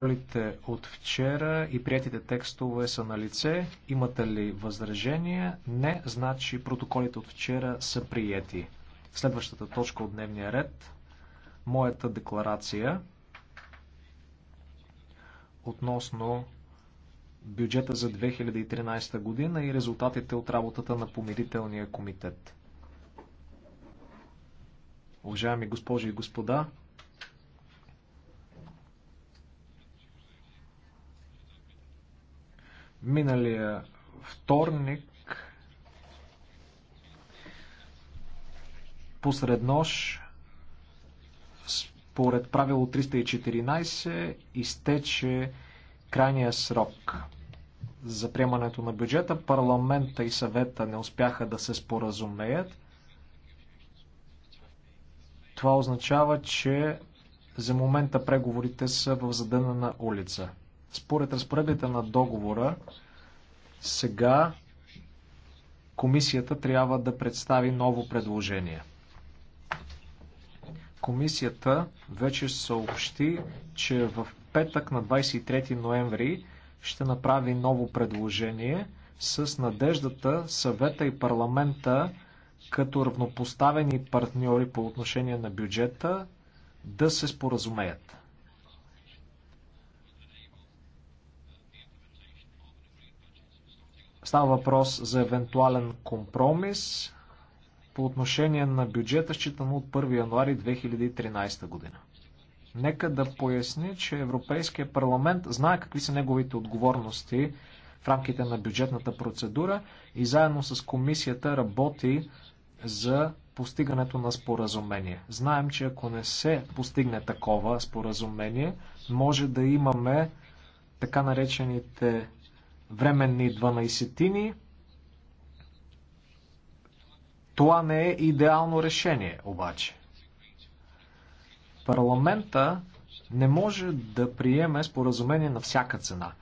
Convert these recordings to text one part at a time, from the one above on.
Протоколите от вчера и приятите текстове са на лице. Имате ли възражения? Не, значи протоколите от вчера са прияти. Следващата точка от дневния ред. Моята декларация относно бюджета за 2013 година и резултатите от работата на помирителния комитет. Уважаеми госпожи и господа, Миналия вторник посред нощ според правило 314 изтече крайния срок за приемането на бюджета. Парламента и съвета не успяха да се споразумеят. Това означава, че за момента преговорите са в задънена улица. Според разпоредбите на договора, сега комисията трябва да представи ново предложение. Комисията вече съобщи, че в петък на 23 ноември ще направи ново предложение с надеждата съвета и парламента като равнопоставени партньори по отношение на бюджета да се споразумеят. Става въпрос за евентуален компромис по отношение на бюджета, считано от 1 януари 2013 година. Нека да поясни, че Европейския парламент знае какви са неговите отговорности в рамките на бюджетната процедура и заедно с комисията работи за постигането на споразумение. Знаем, че ако не се постигне такова споразумение, може да имаме така наречените временни дванайсетини, Това не е идеално решение, обаче. Парламента не може да приеме споразумение на всяка цена.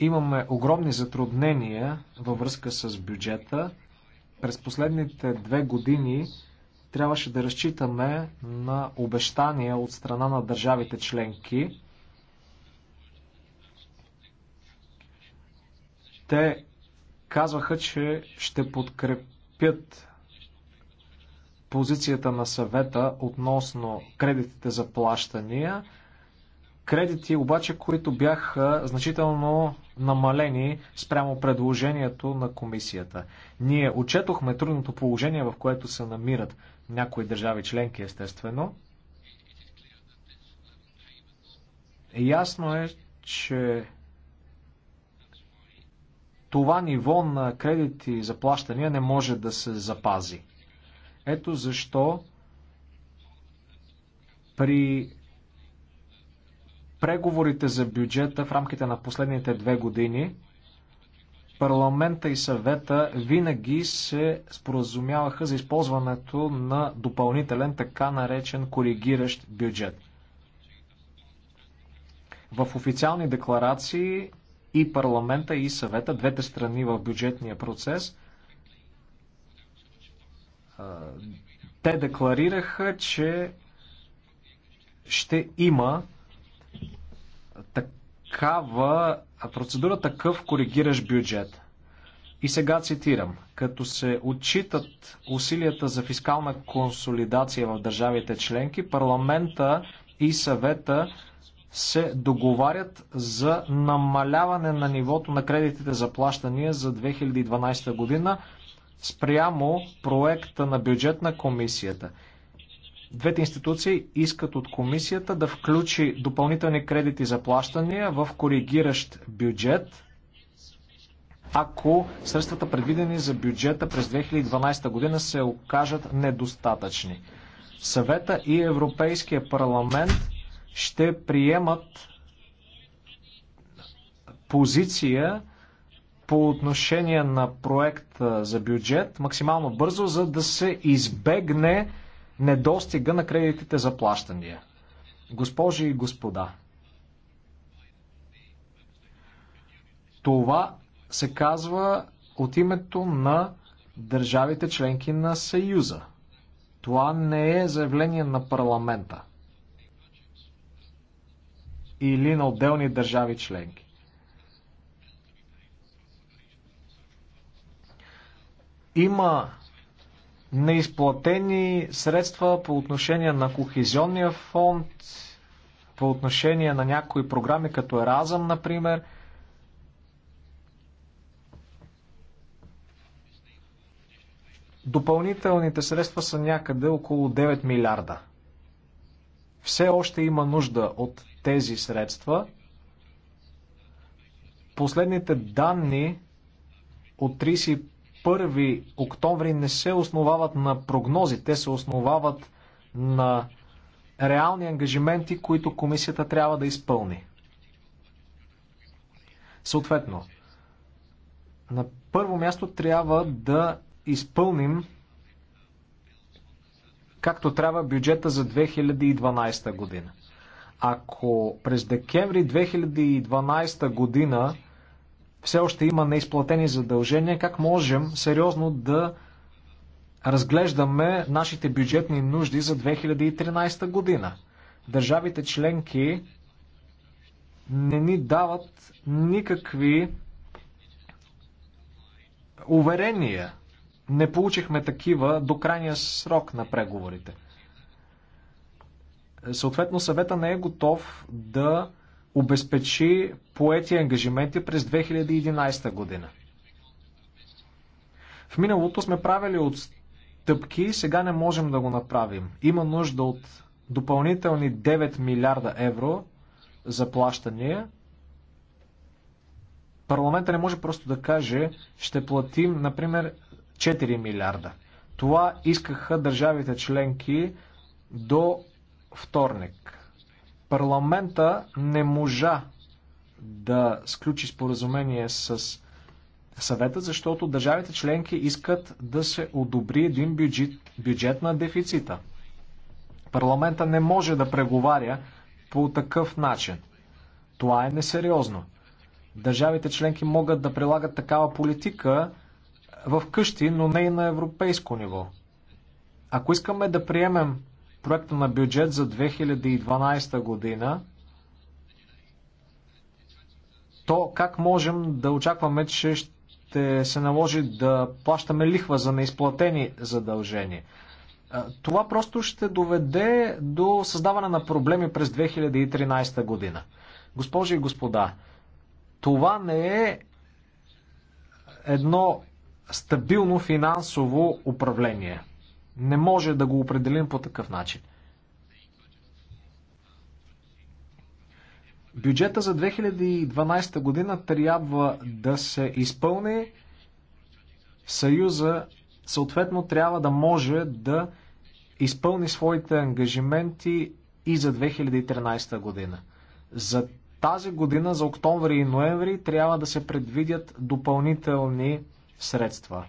Имаме огромни затруднения във връзка с бюджета. През последните две години трябваше да разчитаме на обещания от страна на държавите членки Те казваха, че ще подкрепят позицията на съвета относно кредитите за плащания. Кредити обаче, които бяха значително намалени спрямо предложението на комисията. Ние отчетохме трудното положение, в което се намират някои държави членки, естествено. Ясно е, че това ниво на кредити за плащания не може да се запази. Ето защо при преговорите за бюджета в рамките на последните две години парламента и съвета винаги се споразумяваха за използването на допълнителен така наречен коригиращ бюджет. В официални декларации и парламента и съвета, двете страни в бюджетния процес, те декларираха, че ще има такава процедура, такъв коригираш бюджет. И сега цитирам. Като се отчитат усилията за фискална консолидация в държавите членки, парламента и съвета се договарят за намаляване на нивото на кредитите за плащания за 2012 година спрямо проекта на бюджет на комисията. Двете институции искат от комисията да включи допълнителни кредити за плащания в коригиращ бюджет, ако средствата предвидени за бюджета през 2012 година се окажат недостатъчни. Съвета и Европейския парламент ще приемат позиция по отношение на проекта за бюджет максимално бързо, за да се избегне недостига на кредитите за плащания. Госпожи и господа, това се казва от името на държавите членки на Съюза. Това не е заявление на парламента или на отделни държави членки. Има неизплатени средства по отношение на кохезионния фонд, по отношение на някои програми, като Еразъм, например. Допълнителните средства са някъде около 9 милиарда все още има нужда от тези средства. Последните данни от 31 октомври не се основават на прогнози, те се основават на реални ангажименти, които комисията трябва да изпълни. Съответно, на първо място трябва да изпълним както трябва бюджета за 2012 година. Ако през декември 2012 година все още има неизплатени задължения, как можем сериозно да разглеждаме нашите бюджетни нужди за 2013 година? Държавите членки не ни дават никакви уверения не получихме такива до крайния срок на преговорите. Съответно, съвета не е готов да обезпечи поети ангажименти през 2011 година. В миналото сме правили от тъпки, сега не можем да го направим. Има нужда от допълнителни 9 милиарда евро за плащания. Парламента не може просто да каже, ще платим, например, 4 милиарда. Това искаха държавите членки до вторник. Парламента не можа да сключи споразумение с съвета, защото държавите членки искат да се одобри един бюджет, бюджет на дефицита. Парламента не може да преговаря по такъв начин. Това е несериозно. Държавите членки могат да прилагат такава политика, в къщи, но не и на европейско ниво. Ако искаме да приемем проекта на бюджет за 2012 година, то как можем да очакваме, че ще се наложи да плащаме лихва за неизплатени задължения? Това просто ще доведе до създаване на проблеми през 2013 година. Госпожи и господа, това не е едно стабилно финансово управление. Не може да го определим по такъв начин. Бюджета за 2012 година трябва да се изпълни. Съюза съответно трябва да може да изпълни своите ангажименти и за 2013 година. За тази година, за октомври и ноември, трябва да се предвидят допълнителни средства.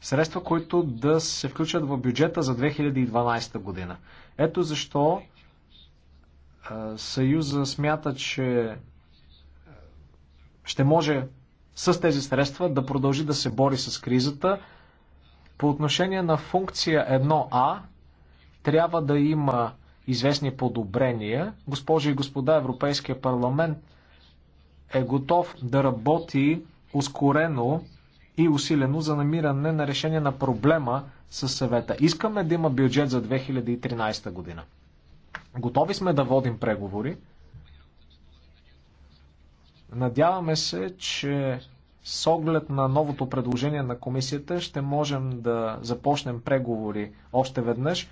Средства, които да се включат в бюджета за 2012 година. Ето защо Съюза смята, че ще може с тези средства да продължи да се бори с кризата. По отношение на функция 1А, трябва да има известни подобрения. Госпожи и господа, Европейския парламент е готов да работи ускорено и усилено за намиране на решение на проблема с съвета. Искаме да има бюджет за 2013 година. Готови сме да водим преговори. Надяваме се, че с оглед на новото предложение на комисията ще можем да започнем преговори още веднъж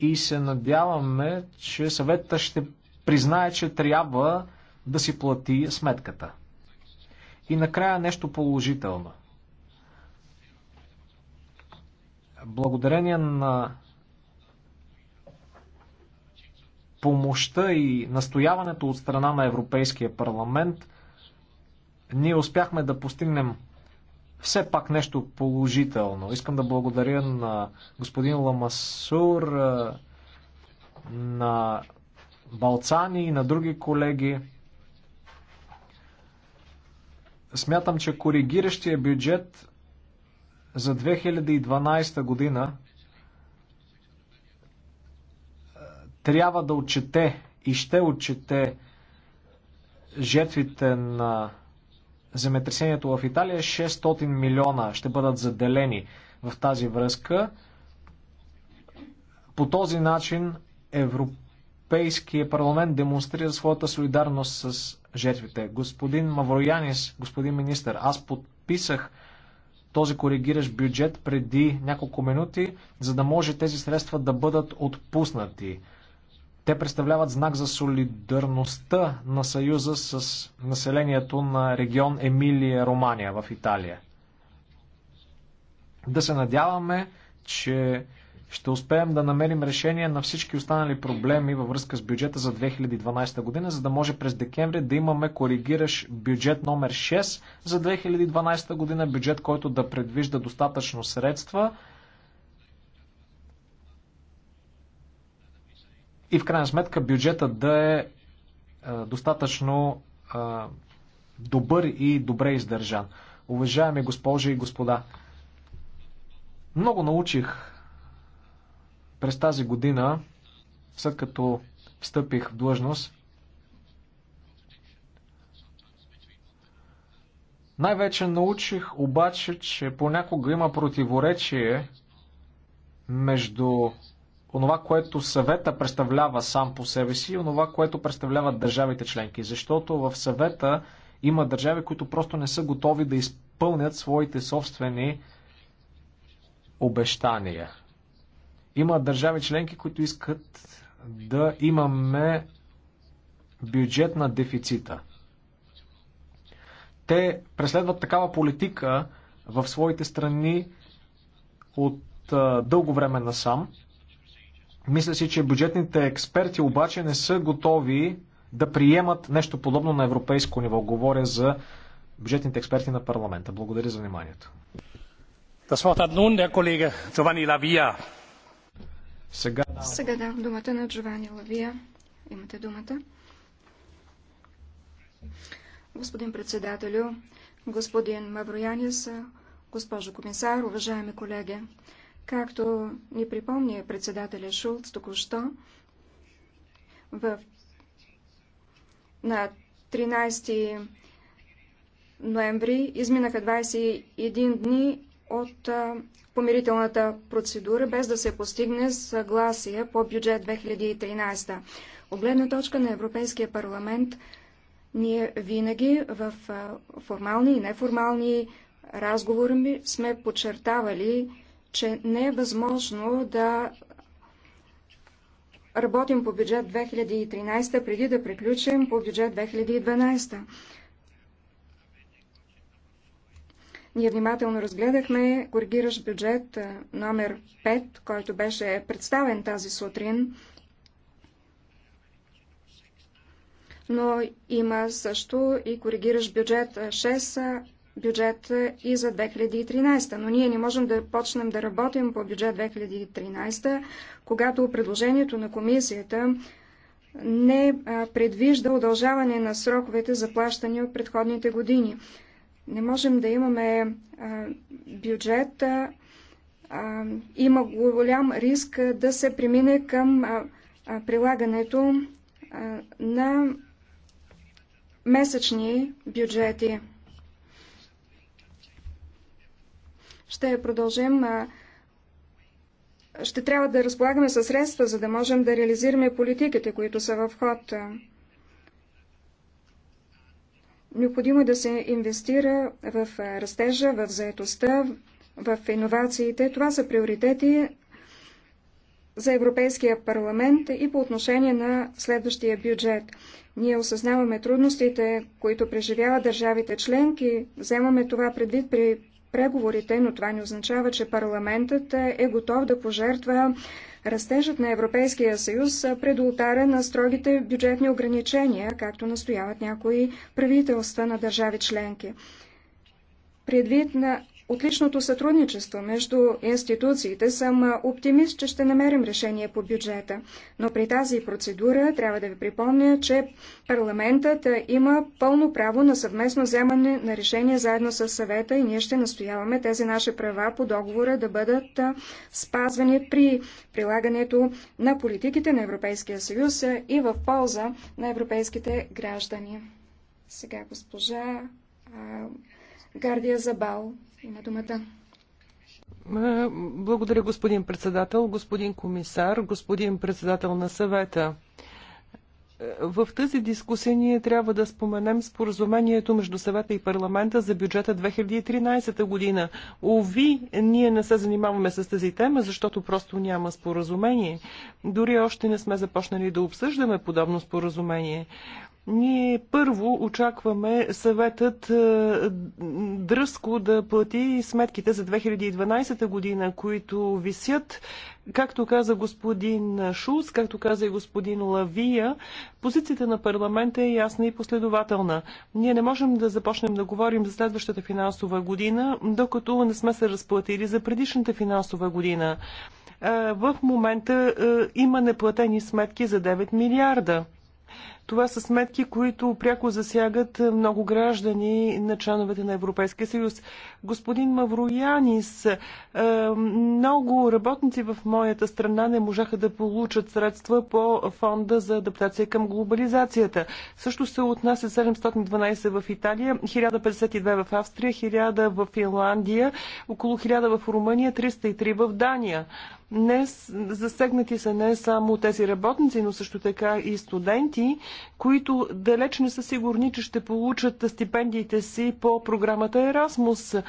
и се надяваме, че съвета ще признае, че трябва да си плати сметката. И накрая нещо положително. Благодарение на помощта и настояването от страна на Европейския парламент, ние успяхме да постигнем все пак нещо положително. Искам да благодаря на господин Ламасур, на Балцани и на други колеги. Смятам, че коригиращия бюджет за 2012 година трябва да отчете и ще отчете жертвите на земетресението в Италия, 600 е милиона ще бъдат заделени в тази връзка. По този начин Европейския парламент демонстрира своята солидарност с жертвите. Господин Мавроянис, господин министр, аз подписах този коригиращ бюджет преди няколко минути, за да може тези средства да бъдат отпуснати. Те представляват знак за солидарността на Съюза с населението на регион Емилия, Романия в Италия. Да се надяваме, че ще успеем да намерим решение на всички останали проблеми във връзка с бюджета за 2012 година, за да може през декември да имаме коригиращ бюджет номер 6 за 2012 година, бюджет, който да предвижда достатъчно средства – и в крайна сметка бюджетът да е, е достатъчно е, добър и добре издържан. Уважаеми госпожи и господа, много научих през тази година, след като встъпих в длъжност. Най-вече научих обаче, че понякога има противоречие между онова, което съвета представлява сам по себе си и онова, което представляват държавите членки. Защото в съвета има държави, които просто не са готови да изпълнят своите собствени обещания. Има държави членки, които искат да имаме бюджет на дефицита. Те преследват такава политика в своите страни от дълго време насам. Мисля си, че бюджетните експерти обаче не са готови да приемат нещо подобно на европейско ниво. Говоря за бюджетните експерти на парламента. Благодаря за вниманието. Сега... Сега давам думата на Джовани Лавия. Имате думата. Господин председателю, господин Мавроянис, госпожо комисар, уважаеми колеги. Както ни припомни председателя Шулц току-що, в... на 13 ноември изминаха 21 дни от помирителната процедура, без да се постигне съгласие по бюджет 2013. Огледна точка на Европейския парламент, ние винаги в формални и неформални разговори сме подчертавали че не е възможно да работим по бюджет 2013 преди да приключим по бюджет 2012. Ние внимателно разгледахме коригиращ бюджет номер 5, който беше представен тази сутрин. Но има също и коригиращ бюджет 6, бюджет и за 2013. Но ние не можем да почнем да работим по бюджет 2013, когато предложението на комисията не предвижда удължаване на сроковете за плащане от предходните години. Не можем да имаме бюджет. Има голям риск да се премине към прилагането на месечни бюджети. ще продължим. Ще трябва да разполагаме със средства, за да можем да реализираме политиките, които са в ход. Необходимо е да се инвестира в растежа, в заетостта, в иновациите. Това са приоритети за Европейския парламент и по отношение на следващия бюджет. Ние осъзнаваме трудностите, които преживяват държавите членки, вземаме това предвид при преговорите, но това не означава, че парламентът е готов да пожертва растежът на Европейския съюз пред ултара на строгите бюджетни ограничения, както настояват някои правителства на държави членки. Предвид на отличното сътрудничество между институциите съм оптимист, че ще намерим решение по бюджета. Но при тази процедура трябва да ви припомня, че парламентът има пълно право на съвместно вземане на решение заедно с съвета и ние ще настояваме тези наши права по договора да бъдат спазвани при прилагането на политиките на Европейския съюз и в полза на европейските граждани. Сега госпожа Гардия Забал има думата. Е, благодаря, господин председател, господин комисар, господин председател на съвета. Е, в тази дискусия ние трябва да споменем споразумението между съвета и парламента за бюджета 2013 година. Ови, ние не се занимаваме с тази тема, защото просто няма споразумение. Дори още не сме започнали да обсъждаме подобно споразумение. Ние първо очакваме съветът е, дръско да плати сметките за 2012 година, които висят. Както каза господин Шулц, както каза и господин Лавия, позицията на парламента е ясна и последователна. Ние не можем да започнем да говорим за следващата финансова година, докато не сме се разплатили за предишната финансова година. Е, в момента е, има неплатени сметки за 9 милиарда. Това са сметки, които пряко засягат много граждани на членовете на Европейския съюз. Господин Мавроянис, е, много работници в моята страна не можаха да получат средства по фонда за адаптация към глобализацията. Също се отнася 712 в Италия, 1052 в Австрия, 1000 в Финландия, около 1000 в Румъния, 303 в Дания не, засегнати са не само тези работници, но също така и студенти, които далеч не са сигурни, че ще получат стипендиите си по програмата Erasmus.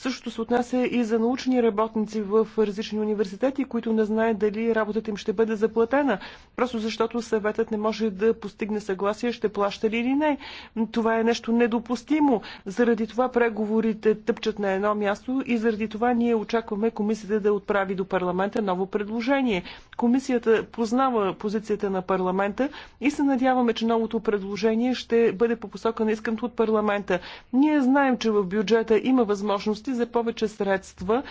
Същото се отнася и за научни работници в различни университети, които не знаят дали работата им ще бъде заплатена, просто защото съветът не може да постигне съгласие, ще плаща ли или не. Това е нещо недопустимо. Заради това преговорите тъпчат на едно място и заради това ние очакваме комисията да отправи до парламента ново предложение. Комисията познава позицията на парламента и се надяваме, че новото предложение ще бъде по посока на искането от парламента. Ние знаем, че в бюджета има възможности възможности за повече средства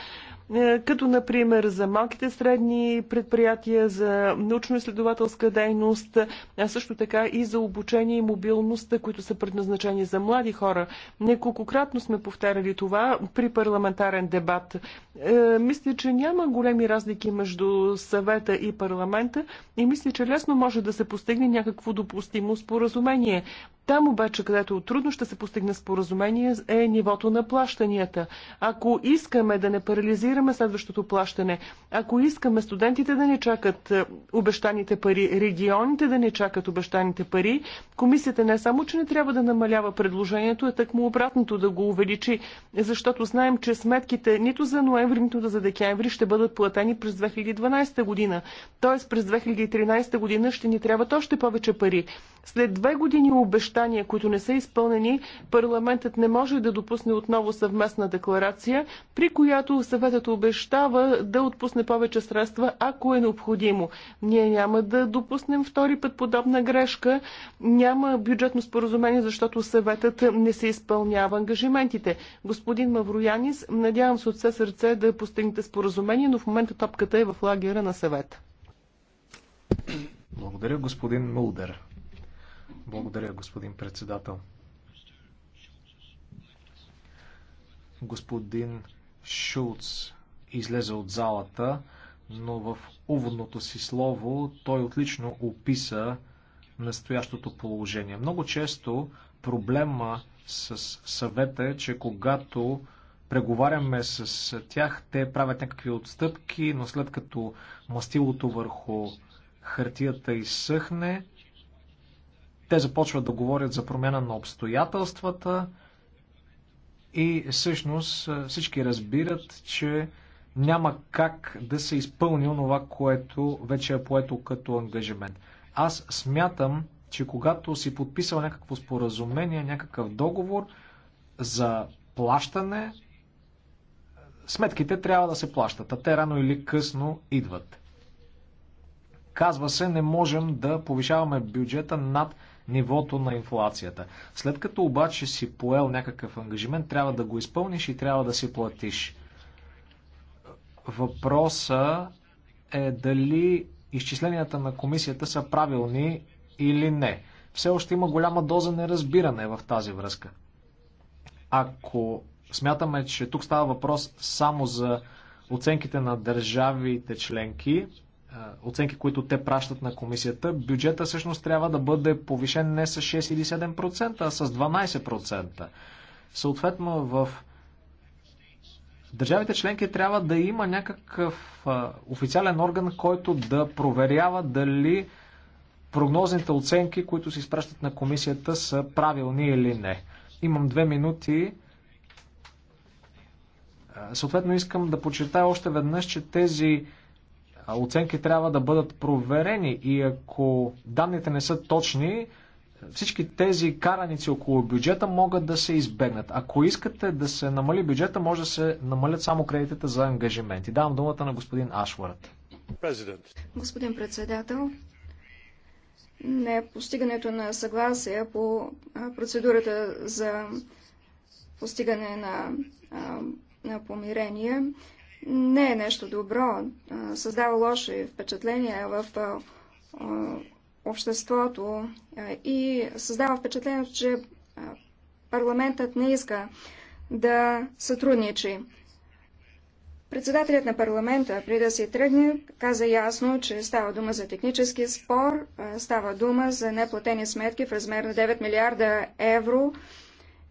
е, като например за малките средни предприятия, за научно-изследователска дейност, а също така и за обучение и мобилност, които са предназначени за млади хора. Неколкократно сме повтаряли това при парламентарен дебат. Е, мисля, че няма големи разлики между съвета и парламента и мисля, че лесно може да се постигне някакво допустимо споразумение. Там обаче, където трудно ще се постигне споразумение, е нивото на плащанията. Ако искаме да не парализираме финансираме следващото плащане. Ако искаме студентите да не чакат е, обещаните пари, регионите да не чакат обещаните пари, комисията не само, че не трябва да намалява предложението, е му обратното да го увеличи, защото знаем, че сметките нито за ноември, нито за декември ще бъдат платени през 2012 година. Тоест през 2013 година ще ни трябват още повече пари. След две години обещания, които не са изпълнени, парламентът не може да допусне отново съвместна декларация, при която съветът която обещава да отпусне повече средства, ако е необходимо. Ние няма да допуснем втори път подобна грешка. Няма бюджетно споразумение, защото съветът не се изпълнява ангажиментите. Господин Мавроянис, надявам се от все сърце да постигнете споразумение, но в момента топката е в лагера на съвет. Благодаря, господин Мулдер. Благодаря, господин председател. Господин Шулц излезе от залата, но в уводното си слово той отлично описа настоящото положение. Много често проблема с съвета е, че когато преговаряме с тях, те правят някакви отстъпки, но след като мастилото върху хартията изсъхне, те започват да говорят за промяна на обстоятелствата и всъщност всички разбират, че няма как да се изпълни онова, което вече е поето като ангажимент. Аз смятам, че когато си подписал някакво споразумение, някакъв договор за плащане, сметките трябва да се плащат, а те рано или късно идват. Казва се, не можем да повишаваме бюджета над нивото на инфлацията. След като обаче си поел някакъв ангажимент, трябва да го изпълниш и трябва да си платиш. Въпроса е дали изчисленията на комисията са правилни или не. Все още има голяма доза неразбиране в тази връзка. Ако смятаме, че тук става въпрос само за оценките на държавите членки, е, оценки, които те пращат на комисията, бюджета всъщност трябва да бъде повишен не с 6 или 7%, а с 12%. Съответно, в държавите членки трябва да има някакъв официален орган, който да проверява дали прогнозните оценки, които се изпращат на комисията, са правилни или не. Имам две минути. Съответно искам да подчертая още веднъж, че тези оценки трябва да бъдат проверени и ако данните не са точни, всички тези караници около бюджета могат да се избегнат. Ако искате да се намали бюджета, може да се намалят само кредитите за ангажименти. Давам думата на господин Ашвард. Господин председател, не е постигането на съгласие по процедурата за постигане на, на помирение не е нещо добро. Създава лоши впечатления в обществото и създава впечатлението, че парламентът не иска да сътрудничи. Председателят на парламента, преди да се тръгне, каза ясно, че става дума за технически спор, става дума за неплатени сметки в размер на 9 милиарда евро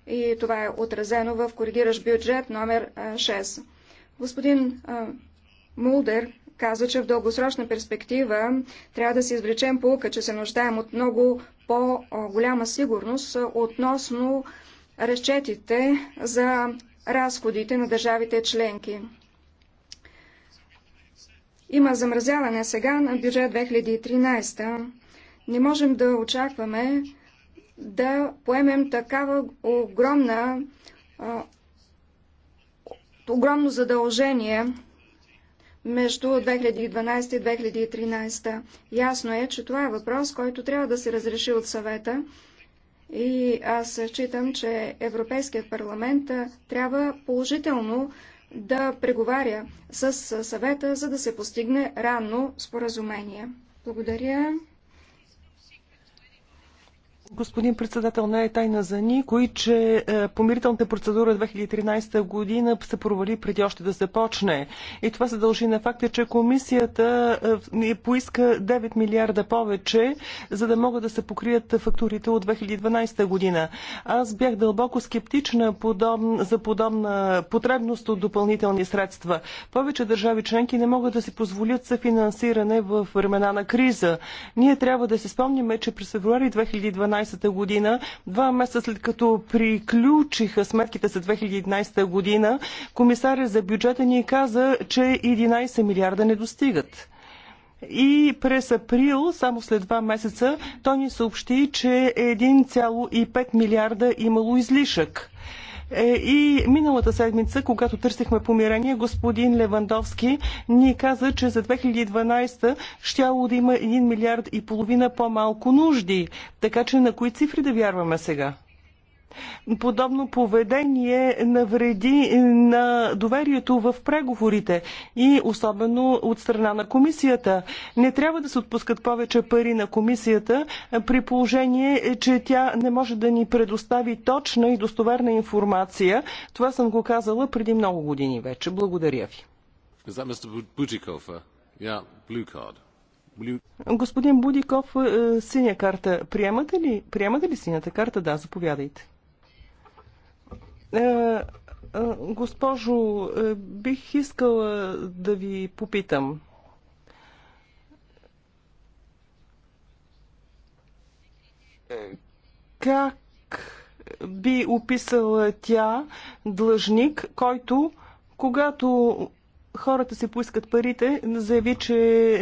и това е отразено в коригиращ бюджет номер 6. Господин Мулдер каза, че в дългосрочна перспектива трябва да се извлечем полука, че се нуждаем от много по-голяма сигурност относно разчетите за разходите на държавите членки. Има замразяване сега на бюджет 2013. Не можем да очакваме да поемем такава огромна огромно задължение между 2012 и 2013. Ясно е, че това е въпрос, който трябва да се разреши от съвета. И аз считам, че Европейският парламент трябва положително да преговаря с съвета, за да се постигне ранно споразумение. Благодаря. Господин председател, не е тайна за никой, че е, помирителната процедура 2013 година се провали преди още да започне. И това се дължи на факта, че комисията е, е, поиска 9 милиарда повече, за да могат да се покрият фактурите от 2012 година. Аз бях дълбоко скептична за подобна потребност от допълнителни средства. Повече държави членки не могат да си позволят съфинансиране в времена на криза. Ние трябва да се спомним, че през февруари 2012 2011 година, два месеца след като приключиха сметките за 2011 година, комисаря за бюджета ни каза, че 11 милиарда не достигат. И през април, само след два месеца, той ни съобщи, че 1,5 милиарда имало излишък. Е, и миналата седмица, когато търсихме помирение, господин Левандовски ни каза, че за 2012 щяло да има 1 милиард и половина по-малко нужди. Така че на кои цифри да вярваме сега? подобно поведение навреди на доверието в преговорите и особено от страна на комисията. Не трябва да се отпускат повече пари на комисията при положение, че тя не може да ни предостави точна и достоверна информация. Това съм го казала преди много години вече. Благодаря ви. Uh, Господин Будиков, е, синя карта. Приемате ли? Приемате ли синята карта? Да, заповядайте. Е, е, госпожо, е, бих искала да ви попитам. Как би описала тя длъжник, който когато хората си поискат парите, заяви, че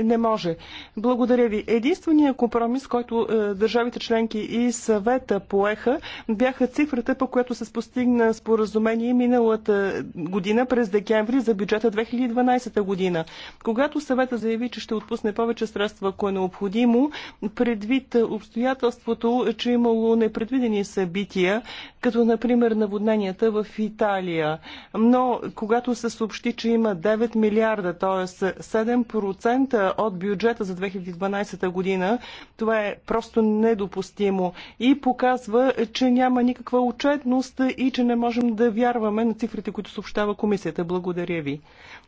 не може. Благодаря ви. Единственият компромис, който е, държавите членки и съвета поеха, бяха цифрата, по която се постигна споразумение миналата година през декември за бюджета 2012 година. Когато съвета заяви, че ще отпусне повече средства, ако е необходимо, предвид обстоятелството, че е имало непредвидени събития, като например наводненията в Италия. Но когато се съобщи, че има 9 9 милиарда, т.е. 7% от бюджета за 2012 година. Това е просто недопустимо и показва, че няма никаква отчетност и че не можем да вярваме на цифрите, които съобщава комисията. Благодаря ви.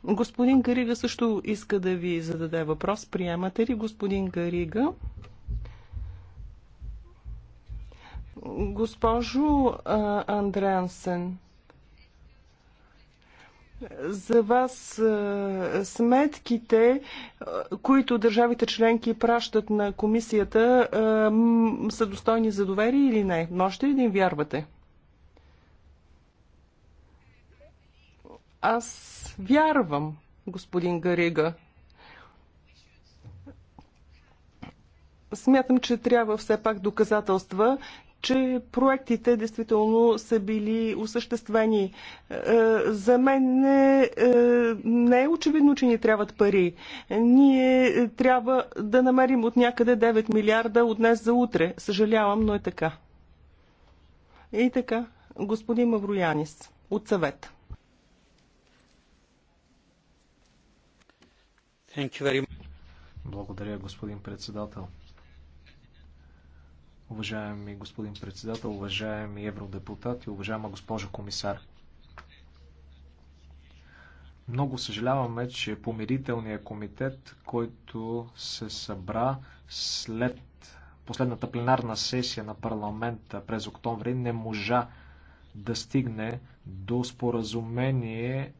Господин Гарига също иска да ви зададе въпрос. Приемате ли господин Гарига? Госпожо Андреансен, за вас е, сметките, е, които държавите членки пращат на комисията, е, са достойни за доверие или не? Можете ли да им вярвате? Аз вярвам, господин Гарига. Смятам, че трябва все пак доказателства че проектите действително са били осъществени. Е, за мен не, е, не е очевидно, че ни трябват пари. Ние трябва да намерим от някъде 9 милиарда от днес за утре. Съжалявам, но е така. И така, господин Мавроянис от съвет. Благодаря, господин председател. Уважаеми господин председател, уважаеми евродепутати, уважаема госпожа комисар. Много съжаляваме, че помирителният комитет, който се събра след последната пленарна сесия на парламента през октомври, не можа да стигне до споразумение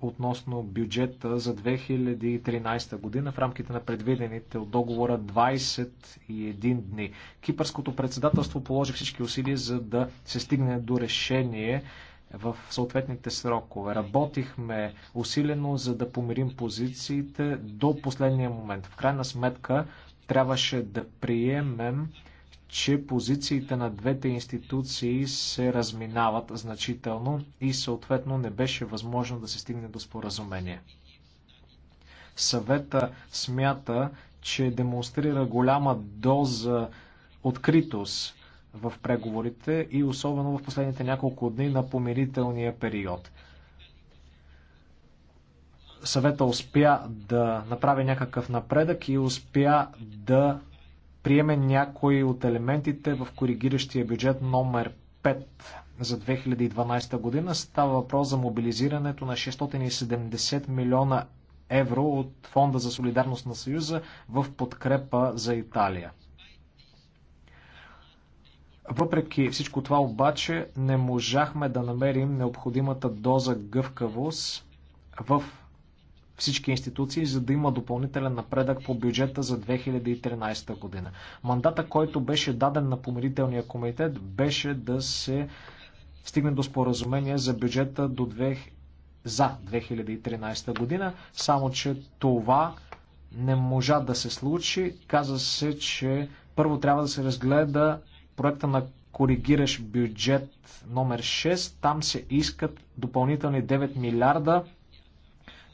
относно бюджета за 2013 година в рамките на предвидените от договора 21 дни. Кипърското председателство положи всички усилия за да се стигне до решение в съответните срокове. Работихме усилено, за да помирим позициите до последния момент. В крайна сметка трябваше да приемем че позициите на двете институции се разминават значително и съответно не беше възможно да се стигне до споразумение. Съвета смята, че демонстрира голяма доза откритост в преговорите и особено в последните няколко дни на помирителния период. Съвета успя да направи някакъв напредък и успя да приеме някои от елементите в коригиращия бюджет номер 5 за 2012 година. Става въпрос за мобилизирането на 670 милиона евро от Фонда за солидарност на Съюза в подкрепа за Италия. Въпреки всичко това обаче не можахме да намерим необходимата доза гъвкавост в всички институции, за да има допълнителен напредък по бюджета за 2013 година. Мандата, който беше даден на помирителния комитет, беше да се стигне до споразумение за бюджета до 2... за 2013 година, само че това не можа да се случи. Каза се, че първо трябва да се разгледа проекта на коригираш бюджет номер 6. Там се искат допълнителни 9 милиарда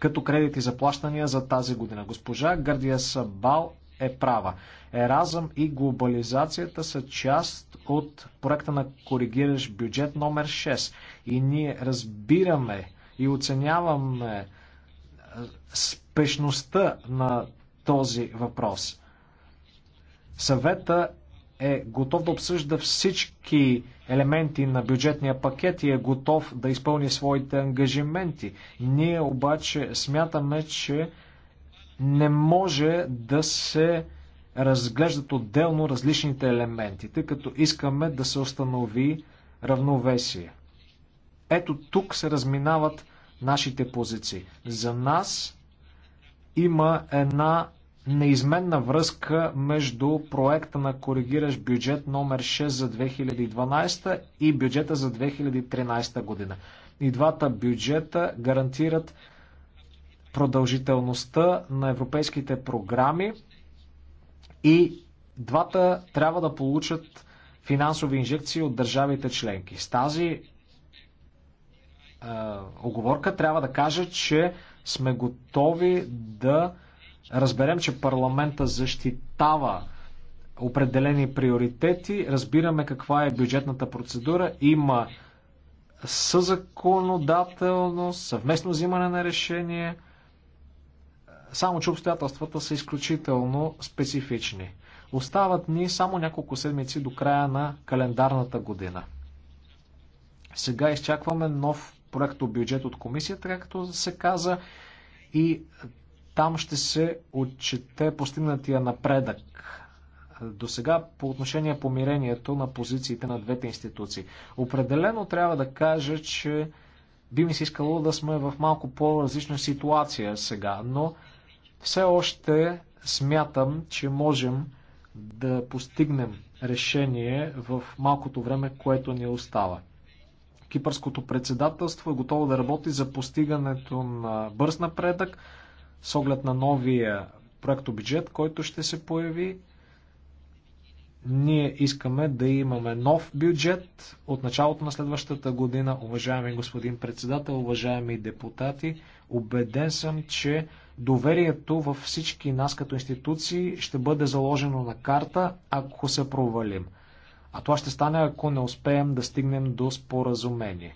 като кредити за плащания за тази година. Госпожа Гърдия Сабал е права. Еразъм и глобализацията са част от проекта на коригиращ бюджет номер 6. И ние разбираме и оценяваме спешността на този въпрос. Съвета е готов да обсъжда всички елементи на бюджетния пакет и е готов да изпълни своите ангажименти. Ние обаче смятаме, че не може да се разглеждат отделно различните елементи, тъй като искаме да се установи равновесие. Ето тук се разминават нашите позиции. За нас има една неизменна връзка между проекта на коригиращ бюджет номер 6 за 2012 и бюджета за 2013 година. И двата бюджета гарантират продължителността на европейските програми и двата трябва да получат финансови инжекции от държавите членки. С тази е, оговорка трябва да кажа, че сме готови да е, разберем, че парламента защитава определени приоритети, разбираме каква е бюджетната процедура, има съзаконодателност, съвместно взимане на решение, само че обстоятелствата са изключително специфични. Остават ни само няколко седмици до края на календарната година. Сега изчакваме нов от бюджет от комисията, както се каза, и там ще се отчете постигнатия напредък до сега по отношение помирението на позициите на двете институции. Определено трябва да кажа, че би ми се искало да сме в малко по-различна ситуация сега, но все още смятам, че можем да постигнем решение в малкото време, което ни остава. Кипърското председателство е готово да работи за постигането на бърз напредък, с оглед на новия бюджет, който ще се появи. Ние искаме да имаме нов бюджет от началото на следващата година. Уважаеми господин председател, уважаеми депутати, убеден съм, че доверието във всички нас като институции ще бъде заложено на карта, ако се провалим. А това ще стане, ако не успеем да стигнем до споразумение.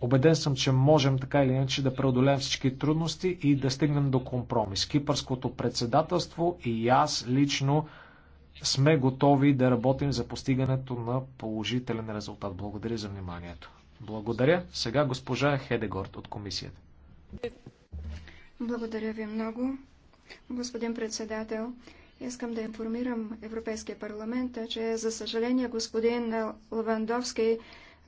Обеден съм, че можем така или иначе да преодолеем всички трудности и да стигнем до компромис. Кипърското председателство и аз лично сме готови да работим за постигането на положителен резултат. Благодаря за вниманието. Благодаря. Сега госпожа Хедегорд от комисията. Благодаря ви много, господин председател. Искам да информирам Европейския парламент, че за съжаление господин Лавандовски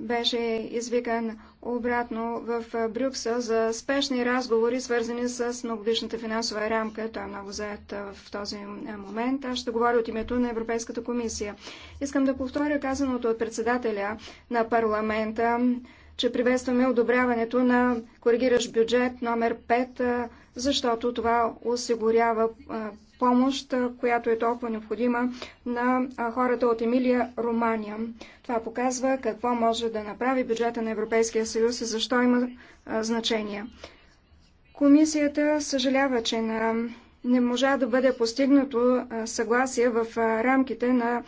беше извикан обратно в Брюксел за спешни разговори, свързани с многогодишната финансова рамка. Той е много заед в този момент. Аз ще говоря от името на Европейската комисия. Искам да повторя казаното от председателя на парламента, че приветстваме одобряването на коригиращ бюджет номер 5, защото това осигурява помощ, която е толкова необходима на хората от Емилия, Румания. Това показва какво може да направи бюджета на Европейския съюз и защо има значение. Комисията съжалява, че на... не можа да бъде постигнато съгласие в рамките на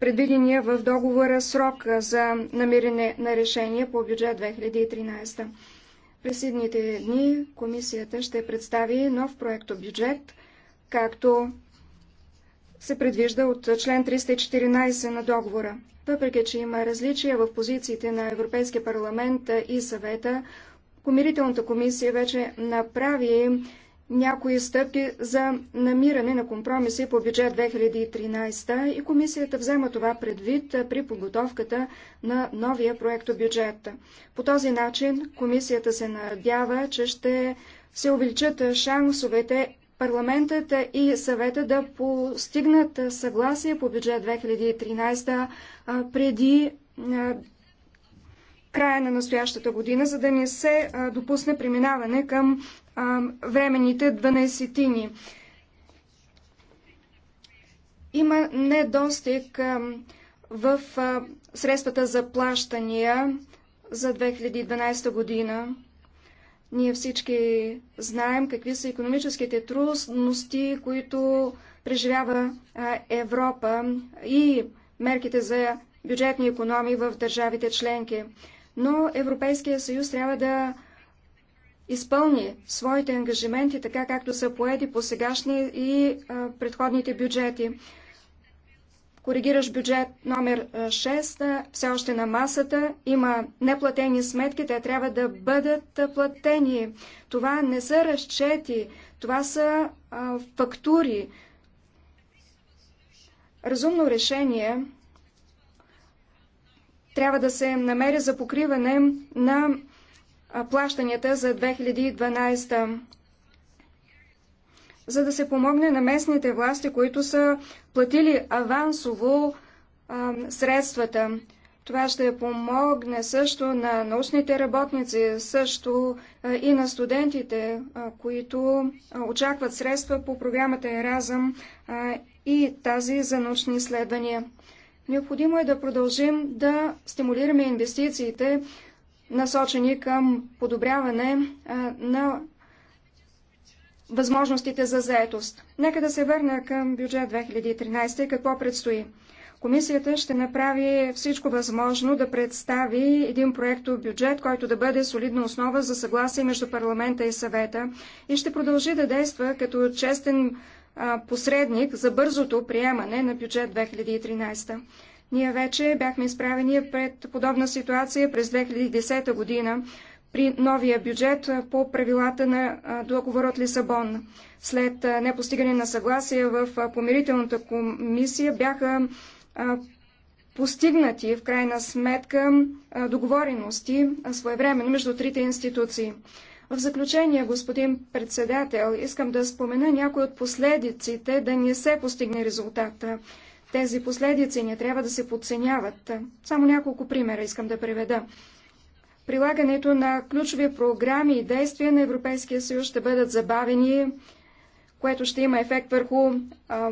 предвидения в договора срок за намиране на решение по бюджет 2013. През едните дни комисията ще представи нов проект бюджет, както се предвижда от член 314 на договора. Въпреки, че има различия в позициите на Европейския парламент и съвета, Комирителната комисия вече направи някои стъпки за намиране на компромиси по бюджет 2013 и комисията взема това предвид при подготовката на новия проекто бюджет. По този начин комисията се надява, че ще се увеличат шансовете парламентът и съвета да постигнат съгласие по бюджет 2013 преди края на настоящата година, за да не се допусне преминаване към времените 12-тини. Има недостиг в средствата за плащания за 2012 година. Ние всички знаем какви са економическите трудности, които преживява Европа и мерките за бюджетни економии в държавите членки. Но Европейския съюз трябва да изпълни своите ангажименти, така както са поети по сегашни и предходните бюджети коригираш бюджет номер 6 все още на масата, има неплатени сметки, те трябва да бъдат платени. Това не са разчети, това са а, фактури. Разумно решение трябва да се намери за покриване на плащанията за 2012 за да се помогне на местните власти, които са платили авансово а, средствата. Това ще помогне също на научните работници, също а, и на студентите, а, които а, очакват средства по програмата Еразъм а, и тази за научни изследвания. Необходимо е да продължим да стимулираме инвестициите, насочени към подобряване а, на възможностите за заетост. Нека да се върна към бюджет 2013 и какво предстои. Комисията ще направи всичко възможно да представи един от бюджет, който да бъде солидна основа за съгласие между парламента и съвета и ще продължи да действа като честен а, посредник за бързото приемане на бюджет 2013. Ние вече бяхме изправени пред подобна ситуация през 2010 година, при новия бюджет по правилата на договор от Лисабон. След непостигане на съгласие в помирителната комисия бяха постигнати в крайна сметка договорености своевременно между трите институции. В заключение, господин председател, искам да спомена някои от последиците да не се постигне резултата. Тези последици не трябва да се подценяват. Само няколко примера искам да приведа прилагането на ключови програми и действия на Европейския съюз ще бъдат забавени, което ще има ефект върху а,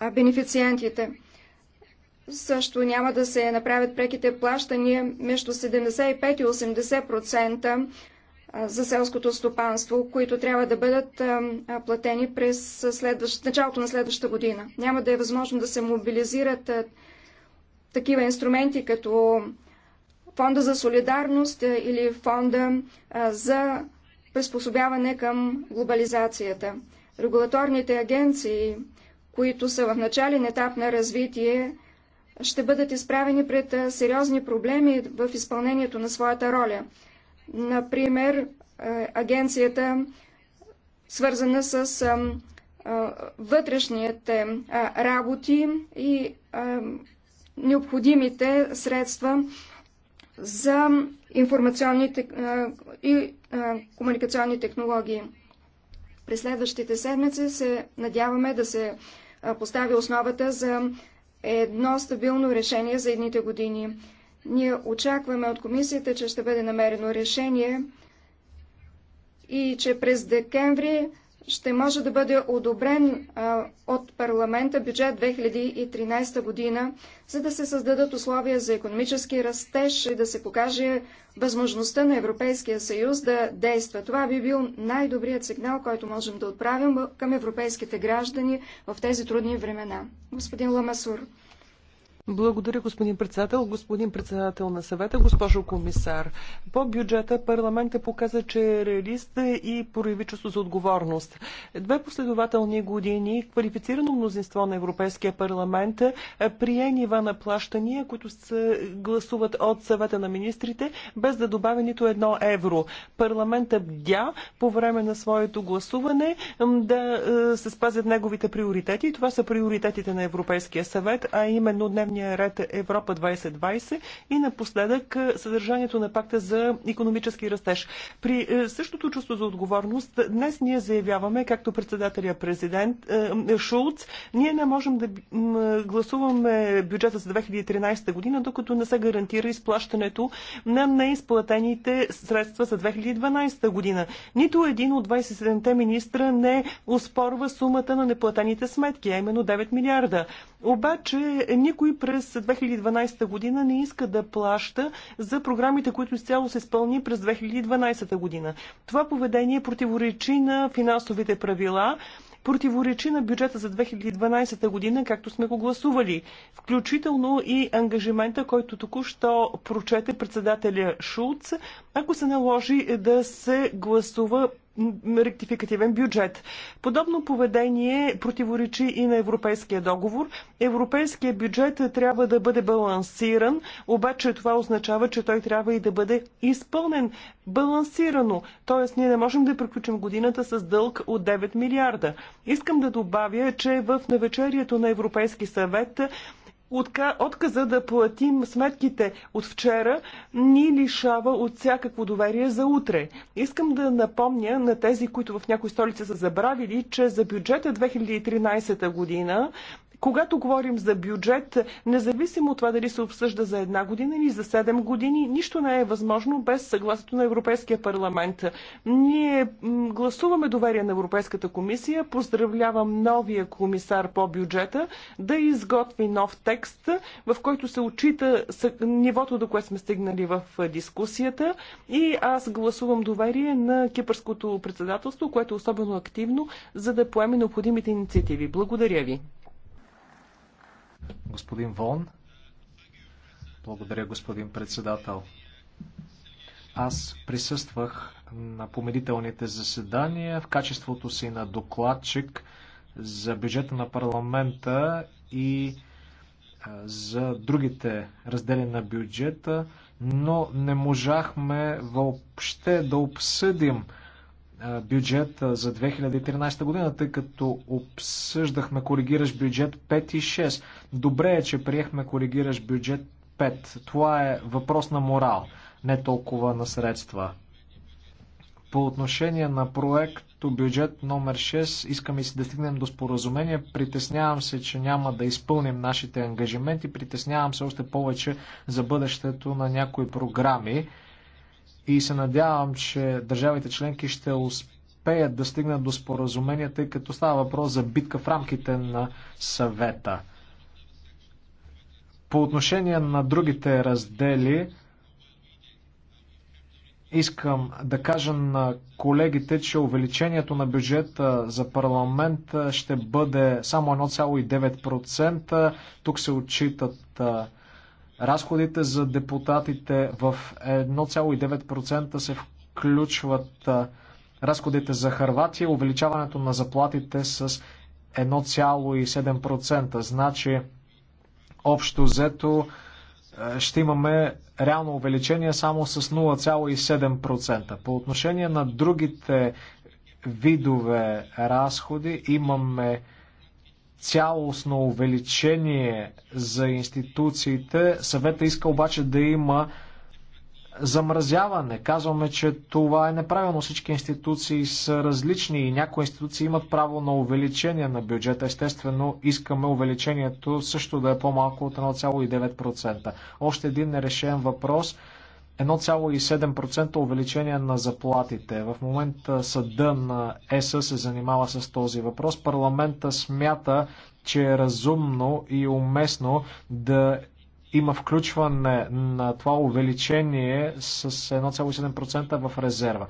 а, бенефициентите. Също няма да се направят преките плащания между 75 и 80% за селското стопанство, които трябва да бъдат платени през следващ... началото на следващата година. Няма да е възможно да се мобилизират такива инструменти като фонда за солидарност е, или фонда е, за приспособяване към глобализацията. Регулаторните агенции, които са в начален етап на развитие, ще бъдат изправени пред е, сериозни проблеми в изпълнението на своята роля. Например, агенцията, свързана с вътрешните работи и необходимите средства за информационните и комуникационни технологии. През следващите седмици се надяваме да се постави основата за едно стабилно решение за едните години. Ние очакваме от комисията, че ще бъде намерено решение и че през декември ще може да бъде одобрен а, от парламента бюджет 2013 година, за да се създадат условия за економически растеж и да се покаже възможността на Европейския съюз да действа. Това би бил най-добрият сигнал, който можем да отправим към европейските граждани в тези трудни времена. Господин Ламасур. Благодаря, господин председател. Господин председател на съвета, госпожо комисар. По бюджета парламента показа, че е реалист и прояви чувство за отговорност. Две последователни години квалифицирано мнозинство на Европейския парламент е, прие нива на плащания, които се гласуват от съвета на министрите, без да добави нито едно евро. Парламента бдя по време на своето гласуване да е, се спазят неговите приоритети. това са приоритетите на Европейския съвет, а именно дневни дневния ред Европа 2020 и напоследък е, съдържанието на пакта за економически растеж. При е, същото чувство за отговорност днес ние заявяваме, както председателя президент е, Шулц, ние не можем да гласуваме бюджета за 2013 година, докато не се гарантира изплащането на неизплатените средства за 2012 година. Нито един от 27-те министра не успорва сумата на неплатените сметки, а именно 9 милиарда. Обаче никой през 2012 година не иска да плаща за програмите, които изцяло се изпълни през 2012 година. Това поведение противоречи на финансовите правила, противоречи на бюджета за 2012 година, както сме го гласували, включително и ангажимента, който току-що прочете председателя Шулц, ако се наложи да се гласува ректификативен бюджет. Подобно поведение противоречи и на Европейския договор. Европейския бюджет трябва да бъде балансиран, обаче това означава, че той трябва и да бъде изпълнен балансирано. Тоест, ние не можем да приключим годината с дълг от 9 милиарда. Искам да добавя, че в навечерието на Европейски съвет отказа да платим сметките от вчера ни лишава от всякакво доверие за утре. Искам да напомня на тези, които в някои столици са забравили, че за бюджета 2013 година когато говорим за бюджет, независимо от това дали се обсъжда за една година или за седем години, нищо не е възможно без съгласието на Европейския парламент. Ние гласуваме доверие на Европейската комисия. Поздравлявам новия комисар по бюджета да изготви нов текст, в който се отчита нивото, до което сме стигнали в дискусията. И аз гласувам доверие на Кипърското председателство, което е особено активно, за да поеме необходимите инициативи. Благодаря ви. Господин Вон. Благодаря, господин председател. Аз присъствах на помирителните заседания в качеството си на докладчик за бюджета на парламента и за другите раздели на бюджета, но не можахме въобще да обсъдим бюджет за 2013 година, тъй като обсъждахме коригираш бюджет 5 и 6. Добре е, че приехме коригираш бюджет 5. Това е въпрос на морал, не толкова на средства. По отношение на проекто бюджет номер 6 искаме си да стигнем до споразумение. Притеснявам се, че няма да изпълним нашите ангажименти. Притеснявам се още повече за бъдещето на някои програми и се надявам, че държавите членки ще успеят да стигнат до споразумения, тъй като става въпрос за битка в рамките на съвета. По отношение на другите раздели, искам да кажа на колегите, че увеличението на бюджета за парламент ще бъде само 1,9%. Тук се отчитат Разходите за депутатите в 1,9% се включват разходите за Харватия, увеличаването на заплатите с 1,7%. Значи, общо взето, ще имаме реално увеличение само с 0,7%. По отношение на другите видове разходи имаме цялостно увеличение за институциите. Съвета иска обаче да има замразяване. Казваме, че това е неправилно. Всички институции са различни и някои институции имат право на увеличение на бюджета. Естествено, искаме увеличението също да е по-малко от 1,9%. Още един нерешен въпрос 1,7% увеличение на заплатите. В момента съда на ЕС се занимава с този въпрос. Парламента смята, че е разумно и уместно да има включване на това увеличение с 1,7% в резерва.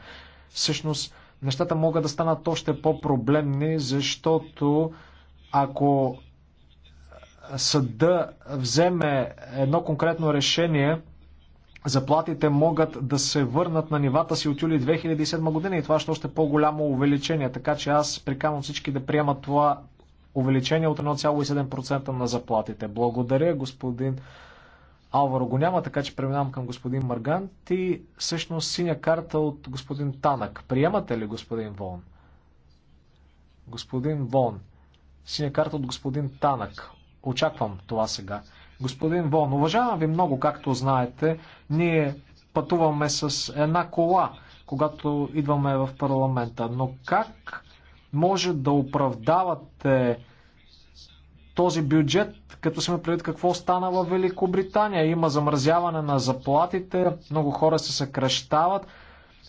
Всъщност, нещата могат да станат още по-проблемни, защото ако съда вземе едно конкретно решение, заплатите могат да се върнат на нивата си от юли 2007 година и това ще е още по-голямо увеличение. Така че аз приканвам всички да приемат това увеличение от 1,7% на заплатите. Благодаря, господин Алваро го няма, така че преминавам към господин Марган. Ти всъщност синя карта от господин Танък. Приемате ли господин Вон? Господин Вон. Синя карта от господин Танък. Очаквам това сега. Господин Вон, уважавам ви много, както знаете. Ние пътуваме с една кола, когато идваме в парламента. Но как може да оправдавате този бюджет, като сме предвид какво стана в Великобритания. Има замразяване на заплатите, много хора се съкръщават.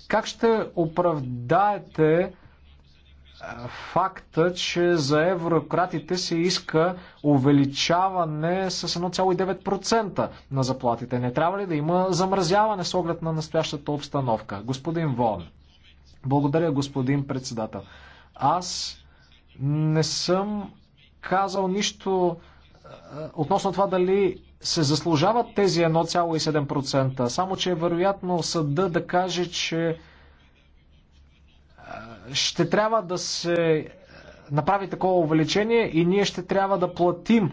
Как ще оправдаете факта, че за еврократите се иска увеличаване с 1,9% на заплатите. Не трябва ли да има замразяване с оглед на настоящата обстановка? Господин Вон. Благодаря, господин председател. Аз не съм казал нищо е, относно това дали се заслужават тези 1,7%, само че е вероятно съда да каже, че ще трябва да се е, направи такова увеличение и ние ще трябва да платим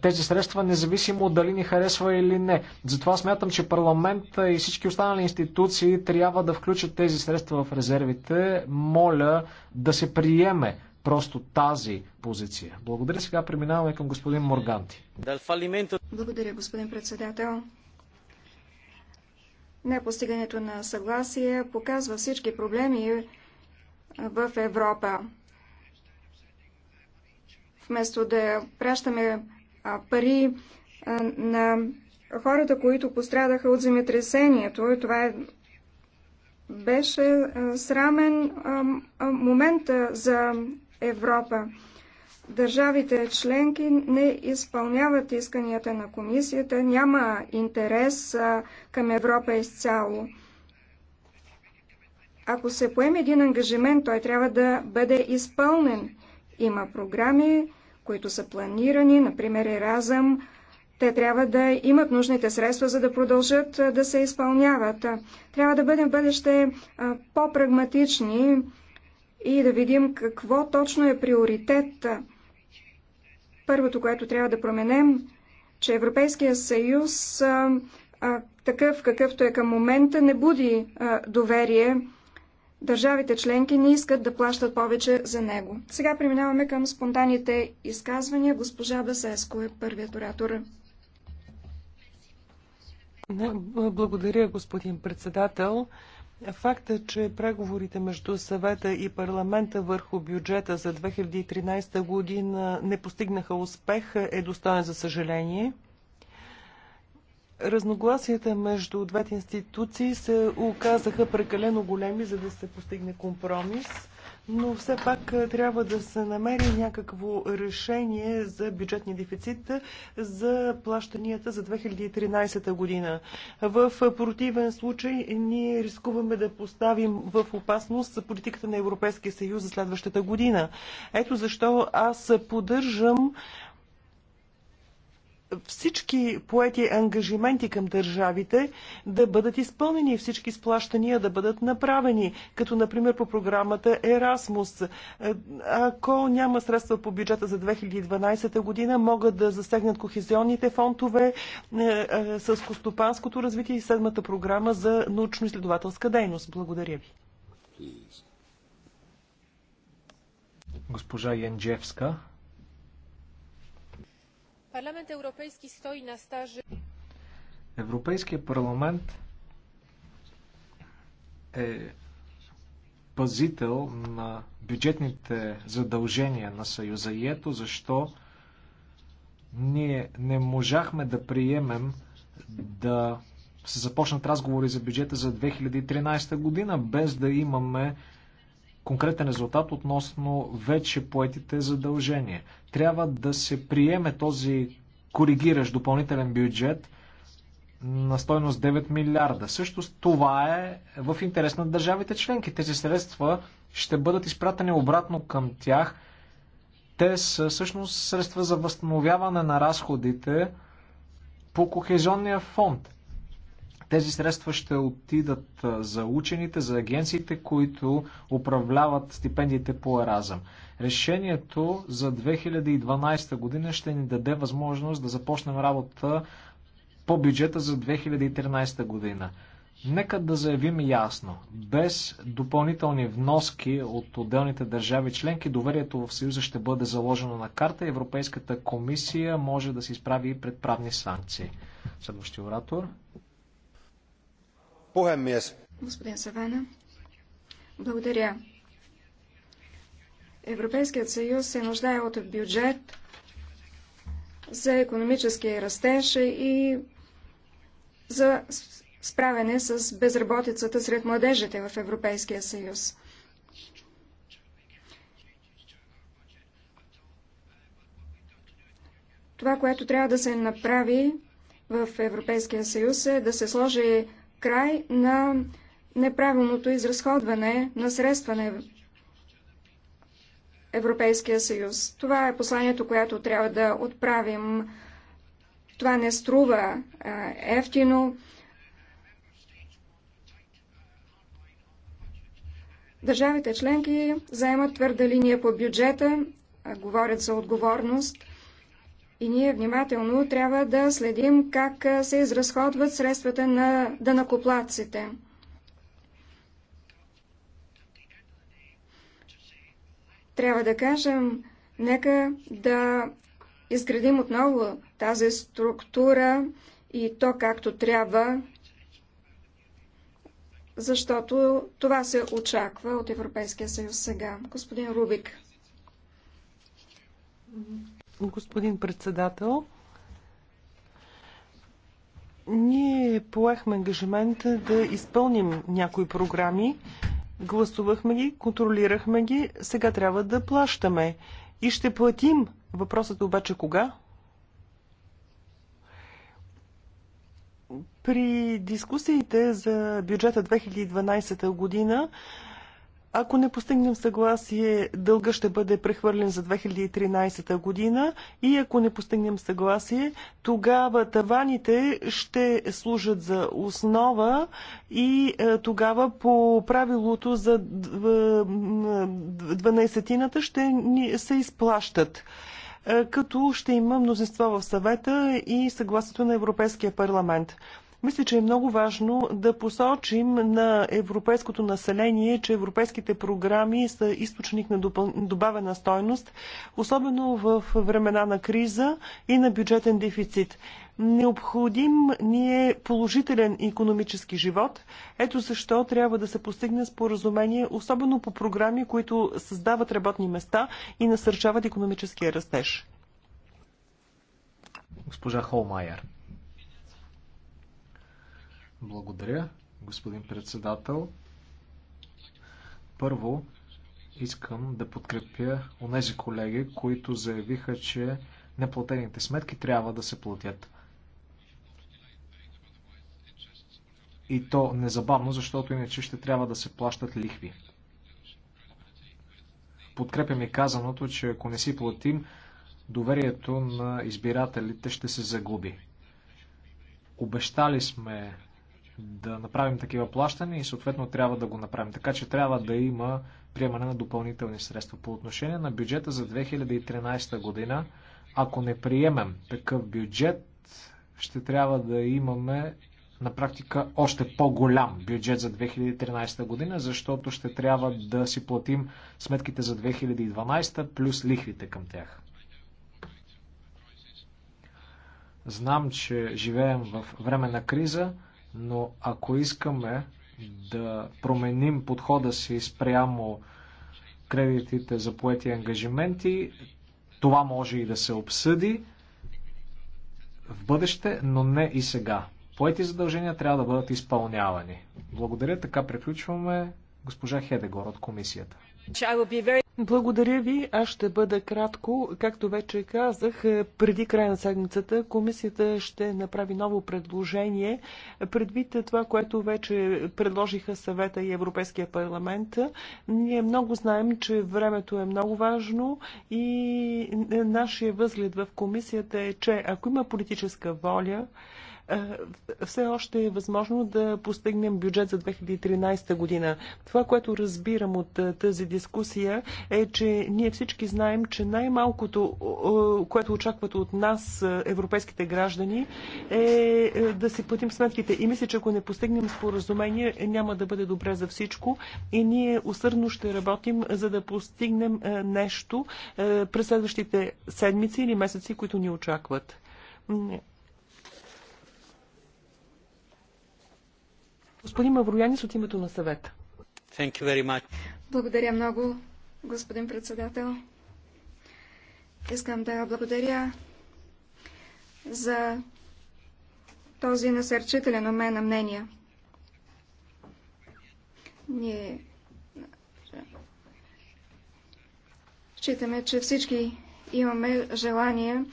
тези средства, независимо дали ни харесва или не. Затова смятам, че парламента и всички останали институции трябва да включат тези средства в резервите. Моля да се приеме просто тази позиция. Благодаря. Сега преминаваме към господин Морганти. Благодаря, господин председател. Непостигането на съгласие показва всички проблеми, в Европа. Вместо да пращаме пари на хората, които пострадаха от земетресението, и това е беше срамен момент за Европа. Държавите членки не изпълняват исканията на комисията, няма интерес към Европа изцяло. Ако се поеме един ангажимент, той трябва да бъде изпълнен. Има програми, които са планирани, например разъм. Те трябва да имат нужните средства, за да продължат да се изпълняват. Трябва да бъдем в бъдеще по-прагматични и да видим какво точно е приоритет. Първото, което трябва да променем, че Европейския съюз такъв какъвто е към момента не буди доверие държавите членки не искат да плащат повече за него. Сега преминаваме към спонтанните изказвания. Госпожа Басеско е първият оратор. Благодаря, господин председател. Факта, че преговорите между съвета и парламента върху бюджета за 2013 година не постигнаха успех е достоен за съжаление разногласията между двете институции се оказаха прекалено големи, за да се постигне компромис, но все пак трябва да се намери някакво решение за бюджетния дефицит за плащанията за 2013 година. В противен случай ние рискуваме да поставим в опасност политиката на Европейския съюз за следващата година. Ето защо аз поддържам всички поети ангажименти към държавите да бъдат изпълнени и всички сплащания да бъдат направени, като например по програмата Erasmus. Е, ако няма средства по бюджета за 2012 година, могат да засегнат кохезионните фондове е, е, с костопанското развитие и седмата програма за научно-изследователска дейност. Благодаря ви. Госпожа Янджевска. Parlament Europejski stoi na staży. Европейския парламент е пазител на бюджетните задължения на Съюза и ето защо ние не можахме да приемем да се започнат разговори за бюджета за 2013 година, без да имаме конкретен резултат относно вече поетите задължения. Трябва да се приеме този коригиращ допълнителен бюджет на стойност 9 милиарда. Също това е в интерес на държавите членки. Тези средства ще бъдат изпратени обратно към тях. Те са всъщност средства за възстановяване на разходите по кохезионния фонд. Тези средства ще отидат за учените, за агенциите, които управляват стипендиите по Еразъм. Решението за 2012 година ще ни даде възможност да започнем работа по бюджета за 2013 година. Нека да заявим ясно, без допълнителни вноски от отделните държави членки, доверието в Съюза ще бъде заложено на карта и Европейската комисия може да се изправи и пред правни санкции. Следващия оратор puhemies. Господин Савана, благодаря. Европейският съюз се нуждае от бюджет за економическия растеж и за справяне с безработицата сред младежите в Европейския съюз. Това, което трябва да се направи в Европейския съюз е да се сложи край на неправилното изразходване на средства на Европейския съюз. Това е посланието, което трябва да отправим. Това не струва ефтино. Държавите членки заемат твърда линия по бюджета, говорят за отговорност. И ние внимателно трябва да следим как се изразходват средствата на дънакоплаците. Трябва да кажем, нека да изградим отново тази структура и то както трябва, защото това се очаква от Европейския съюз сега. Господин Рубик господин председател. Ние поехме ангажимент да изпълним някои програми. Гласувахме ги, контролирахме ги, сега трябва да плащаме. И ще платим. Въпросът е обаче кога? При дискусиите за бюджета 2012 година ако не постигнем съгласие, дълга ще бъде прехвърлен за 2013 година и ако не постигнем съгласие, тогава таваните ще служат за основа и е, тогава по правилото за 12-тината е, ще се изплащат е, като ще има мнозинство в съвета и съгласието на Европейския парламент. Мисля, че е много важно да посочим на европейското население, че европейските програми са източник на добавена стойност, особено в времена на криза и на бюджетен дефицит. Необходим ни е положителен економически живот. Ето защо трябва да се постигне споразумение, особено по програми, които създават работни места и насърчават економическия растеж. Госпожа Холмайер. Благодаря, господин председател. Първо, искам да подкрепя онези колеги, които заявиха, че неплатените сметки трябва да се платят. И то незабавно, защото иначе ще трябва да се плащат лихви. Подкрепям и казаното, че ако не си платим, доверието на избирателите ще се загуби. Обещали сме да направим такива плащания и съответно трябва да го направим. Така че трябва да има приемане на допълнителни средства. По отношение на бюджета за 2013 година, ако не приемем такъв бюджет, ще трябва да имаме на практика още по-голям бюджет за 2013 година, защото ще трябва да си платим сметките за 2012 плюс лихвите към тях. Знам, че живеем в време на криза, но ако искаме да променим подхода си спрямо кредитите за поети ангажименти, това може и да се обсъди в бъдеще, но не и сега. Поети задължения трябва да бъдат изпълнявани. Благодаря, така приключваме госпожа Хедегор от комисията. Благодаря ви. Аз ще бъда кратко. Както вече казах, е, преди края на седмицата комисията ще направи ново предложение. Предвид това, което вече предложиха съвета и Европейския парламент, ние много знаем, че времето е много важно и нашия възглед в комисията е, че ако има политическа воля, е, все още е възможно да постигнем бюджет за 2013 година. Това, което разбирам от е, тази дискусия е, че ние всички знаем, че най-малкото, което очакват от нас е, европейските граждани е да си платим сметките. И мисля, че ако не постигнем споразумение, няма да бъде добре за всичко и ние усърдно ще работим, за да постигнем нещо през следващите седмици или месеци, които ни очакват. Господин Мавроянис от името на съвета. Благодаря много, господин председател. Искам да благодаря за този насърчителен мен на мнения. Ние считаме, че всички имаме желание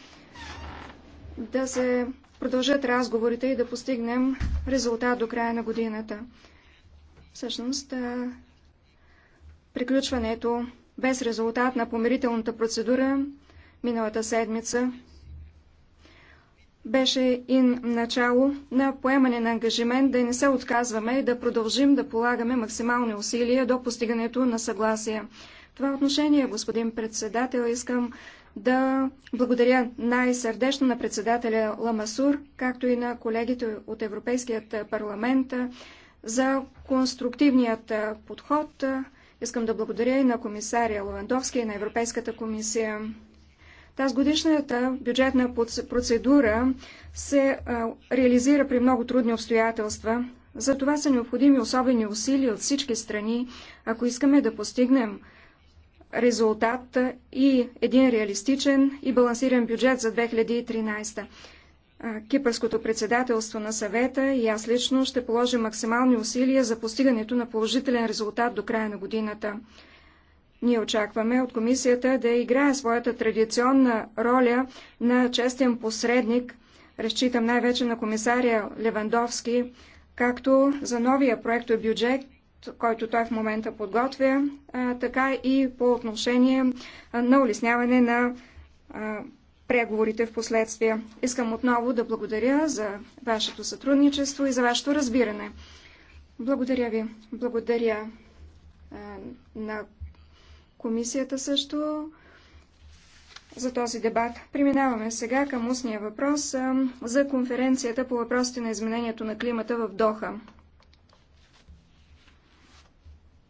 да се продължат разговорите и да постигнем резултат до края на годината. Всъщност, приключването без резултат на помирителната процедура миналата седмица беше и начало на поемане на ангажимент да не се отказваме и да продължим да полагаме максимални усилия до постигането на съгласие. В това отношение, господин председател, искам да благодаря най-сърдечно на председателя Ламасур, както и на колегите от Европейският парламент за конструктивният подход. Искам да благодаря и на комисаря Лавандовски и на Европейската комисия. Тази годишната бюджетна процедура се реализира при много трудни обстоятелства. За това са необходими особени усилия от всички страни, ако искаме да постигнем резултат и един реалистичен и балансиран бюджет за 2013. Кипърското председателство на съвета и аз лично ще положим максимални усилия за постигането на положителен резултат до края на годината. Ние очакваме от комисията да играе своята традиционна роля на честен посредник. Разчитам най-вече на комисаря Левандовски, както за новия проект бюджет, който той в момента подготвя, така и по отношение на улесняване на преговорите в последствие. Искам отново да благодаря за вашето сътрудничество и за вашето разбиране. Благодаря ви. Благодаря на комисията също за този дебат. Преминаваме сега към устния въпрос за конференцията по въпросите на изменението на климата в Доха.